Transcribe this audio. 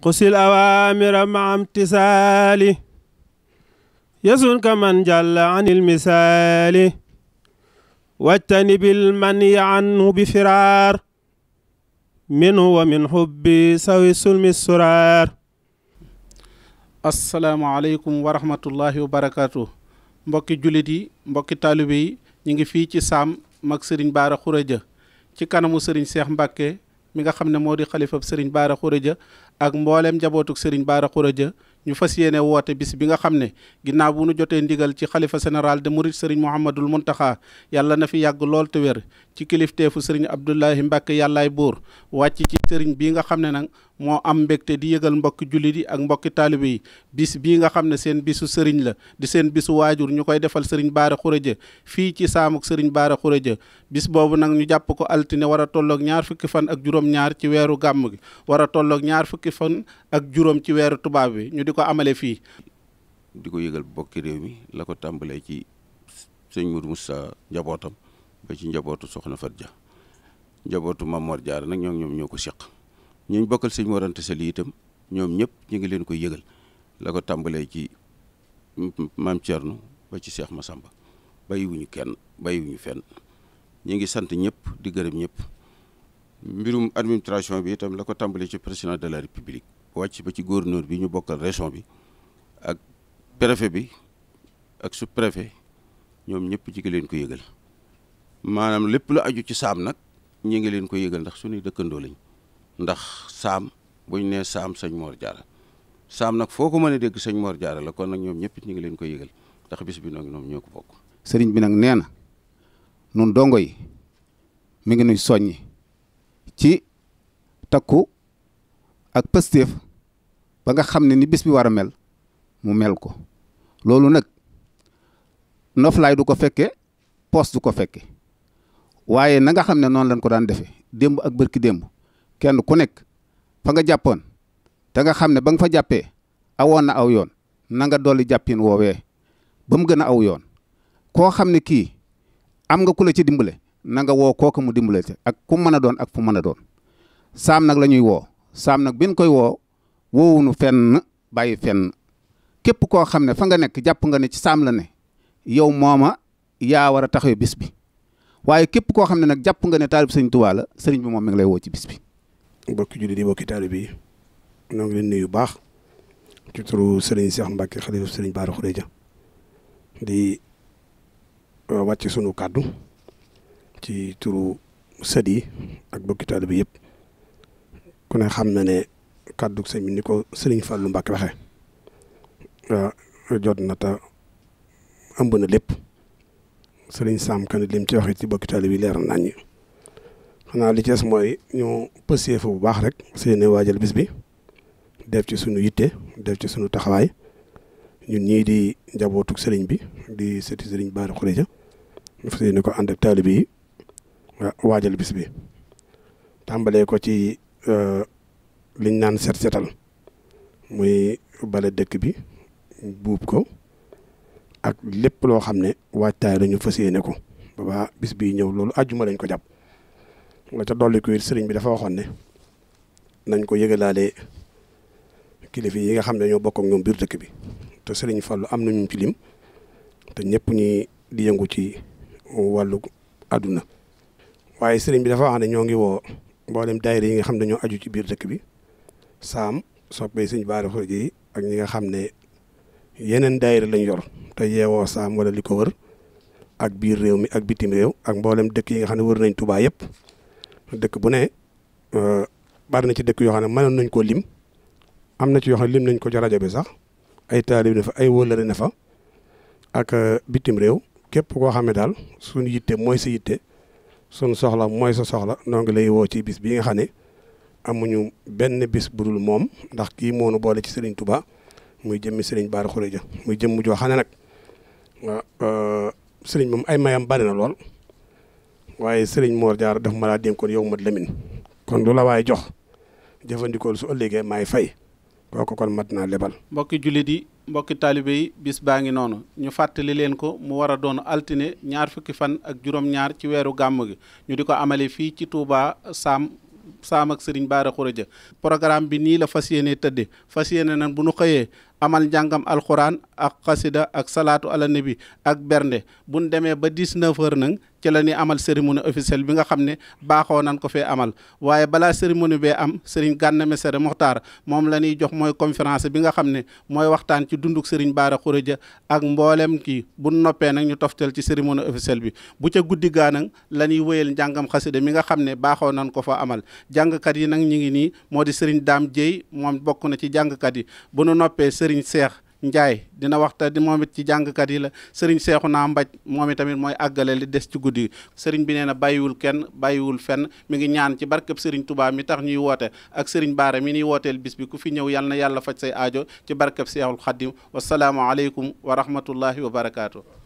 xusil awaamira ma amtisaali yasun man jàlla an il misaali wajtani bil man yaanhu bi firaar minhu wa min xubbi sawi sulmi suraar asalaamualeykum wa rahmatullahi wa barakaatu mbokki jullit mbokki taalibe yi ñu ngi fii ci saam mag sëriñ baara xuraja ci kanamu sëriñ seex mbàkke mi nga xam ne moo di xalifa xalifab Serigne Bara Khourédia ak mbooleem njabootuk Serigne a Khourédia ñu fas yéene woote bis bi nga xam ne ginnaaw bu nu jotee ndigal ci xalifa général de Mouride Serigne Mouhamadul Mountakha yàlla na fi yàgg lool te wér ci kilifteefu Serigne Abdoulahi Mbacke yàllaay buur wàcc ci Serigne bii nga xam ne nag moo am mbégte di yëgal mbokki jullit yi ak mbokki taalibe yi bis bii nga xam ne seen bisu sëriñ la di seen bisu waajur ñu koy defal sëriñ Baara Khourédia fii ci saamuk sëriñ Baara Khourédia bis boobu nag ñu jàpp ko altine war a tolloog ñaar fukki fan ak juróom-ñaar ci weeru gàmm gi war a tolloog ñaar fukki fan ak juróom ci weeru tubaab bi ñu di ko amale fii di ko yëgal mbokki réew mi la ko tàmbalee ci sëñ Mourou Moussa njabootam ba ci njabootu soxna fa Dia njabootu Mamor Diarra nag ñoo ñoom ñoo ko seq ñu bokkal sëñ Mor Anta Sali itam ñoom ñëpp ñu ngi leen koy yëgal la ko tàmbalee ci maam Thierno ba ci Cheikh Massamba bàyyiwuñu kenn bay bàyyiwuñu fenn ñu ngi sant ñëpp di gërëm ñëpp mbirum administration bi itam la ko tàmbalee ci président de la république wàcc ba ci gouverneur bi ñu bokkal région bi ak préfet bi ak sous préfet ñoom ñëpp ñu leen ko yëgal maanaam lépp lu aju ci saam nag ñu ngi leen ko yëgal ndax suñuy dëkkandoo lañ. ndax saam buñ nee saam sëñ moor Diarra saam nag foo ko mën a dégg sëñ moor Diarra la kon nag ñoom ñëpp ñu ngi leen koy yëgal ndax bis bi nag ñoom ñoo ko bokk. sëriñ bi nag nee na nun dongo yi mi ngi nuy soññi ci takku ak pëstéef ba nga xam ne ni bis bi war a mel mu mel ko loolu nag noflaay du ko fekke poos du ko fekke waaye na nga xam ne noonu lañ ko daan defee démb ak bërki démb kenn ku nekk fa nga jàppoon te nga xam ne ba nga fa jàppee awoon na aw yoon na nga dolli jàppin woowee ba mu gën a aw yoon koo xam ne kii am nga ku la ci dimbale nanga nga woo kooku mu dimbale te ak ku mën a doon ak fu mën a doon saam nag la ñuy woo saam nag bin koy woo woowunu fenn bàyyi fenn képp koo xam ne fa nga nekk jàpp nga ne ci saam la ne yow mooma yaa war a taxawee bis bi waaye képp koo xam ne nag jàpp nga ne taalib sëñ Tuubaa la sëriñ bi moom mi woo ci bis bi mbokki jullit yi mbokki taalibe bi ñoo ngi leen nuyu baax ci turu Serigne Cheikh Mbacke xalifa Serigne Bara Khourédia di euh, wàcc sunu kàddu ci turu sët yi ak mbokki taalibe yëpp ku ne xam na ne kàddu sëñ bi ni ko Serigne Fallou Mbacke waxee euh, jot na ta ëmb na lépp Serigne Sam kan lim ci waxee ci mbokki taalibe yi leer nañ xanaa li ci mooy ñu pësee fa bu baax rek seeni waajal bis bi def ci suñu yitte def ci suñu taxawaay ñun ñii di njabootug sëriñ bi di sëti sëriñ Bara Khourédia ñu fas ko ànd ak taalibe yi waajal bis bi tàmbalee ko ci euh, liñ naan set setal muy bale dëkk bi buub ko ak lépp loo xam ne waajtaay la ñu fas yéene ko ba bis bi ñëw loolu àjjuma lañ ko jàpp la ca dolli ko sëriñ bi dafa waxoon ne nañ ko yëgalaale kilifa yi nga xam ne ñoo bokk ak ñoom biir dëkk bi te sëriñ Fallou am na ñu ci lim te ñëpp ñi di yëngu ci wàllu àdduna waaye sëriñ bi dafa wax ne ñoo ngi woo mboolem daayira yi nga xam ne ñoo aju ci biir dëkk bi saam soppee sëñ Bara Fodé ak ñi nga xam ne yeneen daayira lañ yor te yeewoo saam wala li ko wër ak biir réew mi ak bitim réew ak mboolem dëkk yi nga xam ne wër nañ Touba yëpp dëkk bu ne euh, bari na ci dëkk yoo xam ne mënoon nañ koo lim am na ci yoo lim nañ ko ci rajo bi sax ay taalib ne fa ay wóllare ne fa ak euh, bitim réew képp koo xam ne daal suñu yitte mooy sa yitte suñu soxla mooy sa soxla noo ngi lay woo ci bis bi nga xam ne amuñu benn bis bu dul moom ndax kii moonu boole ci Serigne Touba muy jëmmi Serigne Bara Khourédia muy jëmm joo xam ne nag euh, Serigne moom ay mayam bari na lool. waaye sëriñ Mor Diarra daf ma laa dénkoon yow mat Lamine kon lu la waaye jox jëfandikool su ëllëgee maay fay kooku kon mat naa lebal. mbokki jullit yi mbokki taalibe yi bis baa ngi noonu ñu fàttali leen ko mu war a doon altine ñaar fukki fan ak juróom-ñaar ci weeru gàmm gi ñu di ko amale fii ci Touba Sam. saam ak sëriñ Baara Xuraja programme bi nii la fas yéene tëdde fas yéene nan bu nu xëyee amal njàngam alxuraan ak xasida ak salaatu ala nabi ak bernde buñ demee ba 19 heures nag ci la ñuy amal cérémonie officielle bi nga xam ne baaxoo nan ko fee amal waaye balaa cérémonie bee am sëriñ Gana Messere Mokhtar moom la ñuy jox mooy conférence bi nga xam ne mooy waxtaan ci dunduk sëriñ Bara Khourédia ak mboolem kii bu noppee nag ñu toftal ci cérémonie officielle bi bu ca guddi gaa la ñuy wéyal njàngam xasida mi nga xam ne baaxoo nan ko fa amal jàngkat yi nag ñu ngi nii moo di sëriñ daam Dieye moom bokk na ci jàngkat yi bu noppee sëriñ seex Njaay dina waxta di moom it ci jàngkat yi la sëriñ seexu naa mbaj moom tamit mooy àggale li des ci guddi sëriñ bi nee na bàyyiwul kenn bàyyiwul fenn mu ngi ñaan ci barkeb sëriñ tubaab mi tax ñuy woote ak sëriñ Baara mi ñuy wooteel bis bi ku fi ñëw yal na yàlla faj say aajo ci barkeb seexul xaddim wasalaamu aleykum wa wa barakaatu.